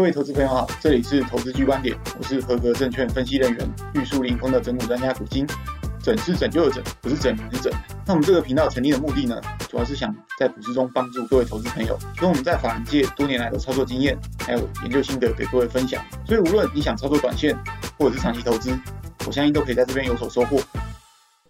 各位投資朋友好，這裡是投資 G 觀點，我是合格證券分析人員、玉樹臨風的整股專家古金。整是拯救的整，不是整，不是整。那我們這個頻道成立的目的呢，主要是想在股市中幫助各位投資朋友，以我們在法人界多年來的操作經驗，還有研究心得，得給各位分享。所以無論你想操作短線，或者是長期投資，我相信都可以在這邊有所收穫。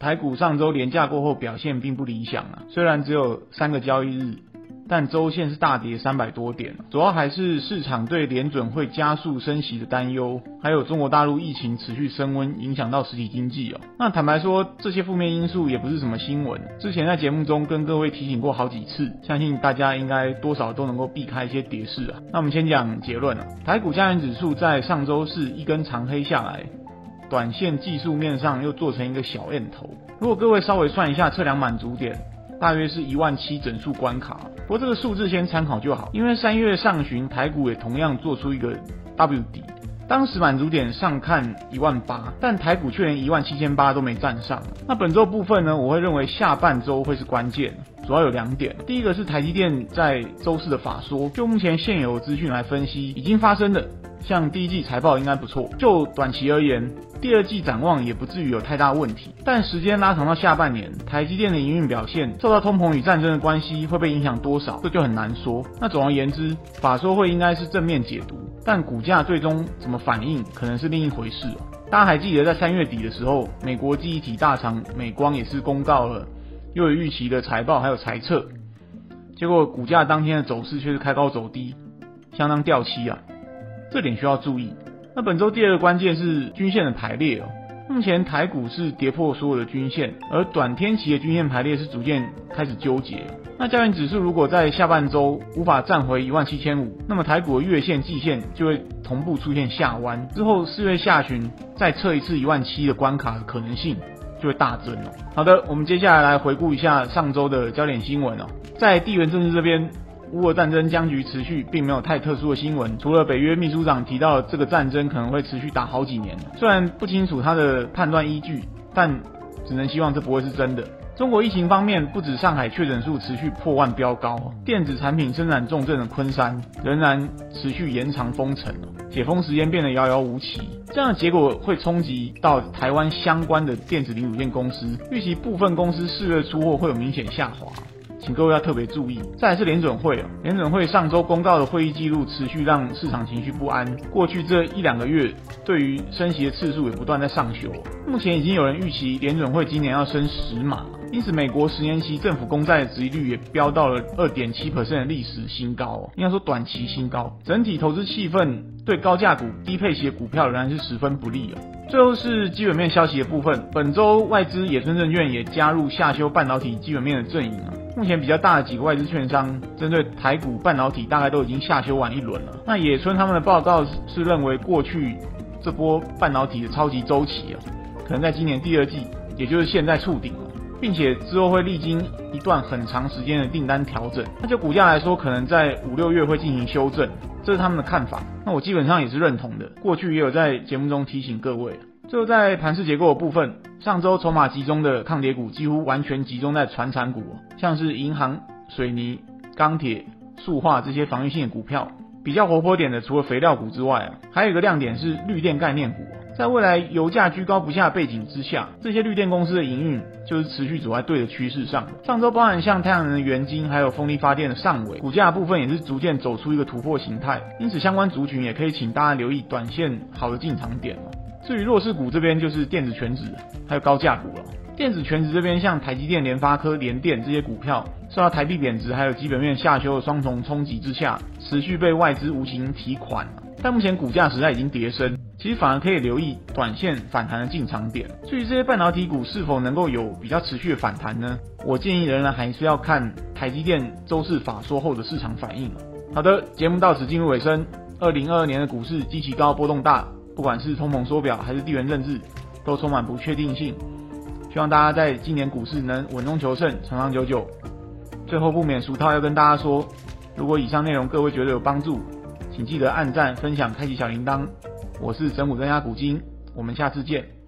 台股上周連假過後表現並不理想啊，雖然只有三個交易日。但週線是大跌三百多點，主要還是市場對聯準會加速升息的擔憂，還有中國大陸疫情持續升溫，影響到實體經濟哦。那坦白說，這些負面因素也不是什麼新聞，之前在節目中跟各位提醒過好幾次，相信大家應該多少都能夠避開一些跌勢啊。那我們先講結論啊，台股加權指數在上週四一根長黑下來，短線技術面上又做成一個小 M 頭，如果各位稍微算一下測量滿足點。大約是一萬七整數關卡，不過這個數字先參考就好。因為三月上旬台股也同樣做出一個 W 底，當時滿足點上看一萬八，但台股卻連一萬七千八都沒站上。那本週部分呢，我會認為下半週會是關鍵。主要有兩點，第一個是台積電在週四的法說，就目前現有資訊來分析，已經發生的像第一季財報應該不錯，就短期而言，第二季展望也不至於有太大問題。但時間拉長到下半年，台積電的營運表現受到通膨與戰爭的關係會被影響多少，這就很難說。那總而言之，法說會應該是正面解讀，但股價最終怎麼反應可能是另一回事哦，大家還記得在三月底的時候，美國記憶體大廠美光也是公告了。又有預期的財報，還有財測，結果股價當天的走勢卻是開高走低，相當掉漆啊，這點需要注意。那本周第二個關鍵是均線的排列哦、喔，目前台股是跌破所有的均線，而短天期的均線排列是逐漸開始糾結。那加權指數如果在下半周無法站回一萬七千五，那麼台股的月線、季線就會同步出現下彎，之後四月下旬再測一次一萬七的關卡的可能性。就會大增哦。好的，我們接下來來回顧一下上周的焦點新聞哦。在地緣政治這邊，烏俄戰爭僵局持續，並沒有太特殊的新聞。除了北約秘書長提到這個戰爭可能會持續打好幾年，雖然不清楚他的判斷依據，但只能希望這不會是真的。中國疫情方面，不止，上海確診數持續破萬飆高，電子產品生產重鎮的昆山仍然持續延長封城，解封時間變得遙遙無期。這樣的結果會衝擊到台灣相關的電子零組件公司，預期部分公司四月出貨會有明顯下滑。請各位要特別注意。再來是聯準會哦，聯準會上周公告的會議記錄持續讓市場情緒不安。過去這一兩個月，對於升息的次數也不斷在上修。目前已經有人預期聯準會今年要升十碼，因此美國十年期政府公債的殖利率也飆到了二點七 percent 的歷史新高哦，應該說短期新高。整體投資氣氛對高價股、低配息的股票仍然是十分不利哦。最後是基本面消息的部分，本周外資野村證券也加入下修半導體基本面的陣營啊。目前比較大的幾個外資券商，針對台股半導體大概都已經下修完一輪了。那野村他們的報告是認為，過去這波半導體的超級週期啊，可能在今年第二季，也就是現在觸頂了，並且之後會歷經一段很長時間的訂單調整。那就股價來說，可能在五六月會進行修正，這是他們的看法。那我基本上也是認同的。過去也有在節目中提醒各位。就在盤勢結構的部分，上周籌碼集中的抗跌股幾乎完全集中在傳產股，像是銀行、水泥、鋼鐵、塑化這些防禦性的股票。比較活潑點的，除了肥料股之外，還有一個亮點是綠電概念股。在未來油價居高不下的背景之下，這些綠電公司的營運就是持續走在對的趨勢上。上周包含像太陽能的元晶還有風力發電的上尾股價部分，也是逐漸走出一個突破形態，因此相關族群也可以請大家留意短線好的進場點。至於弱勢股這邊，就是電子權值還有高價股了。電子權值這邊，像台積電、聯發科、聯電這些股票，受到台幣貶值還有基本面下修的雙重衝擊之下，持續被外資無情提款。但目前股價實在已經跌深，其實反而可以留意短線反彈的進場點。至於這些半導體股是否能夠有比較持續的反彈呢？我建議仍然還是要看台積電周四法說後的市場反應。好的，節目到此進入尾聲。二零二二年的股市，極其高，波動大。不管是通膨縮表還是地緣政治，都充滿不確定性。希望大家在今年股市能穩中求勝，長長久久。最後不免俗套，要跟大家說：如果以上內容各位覺得有幫助，請記得按讚、分享、開啟小鈴鐺。我是整股專家古今，我們下次見。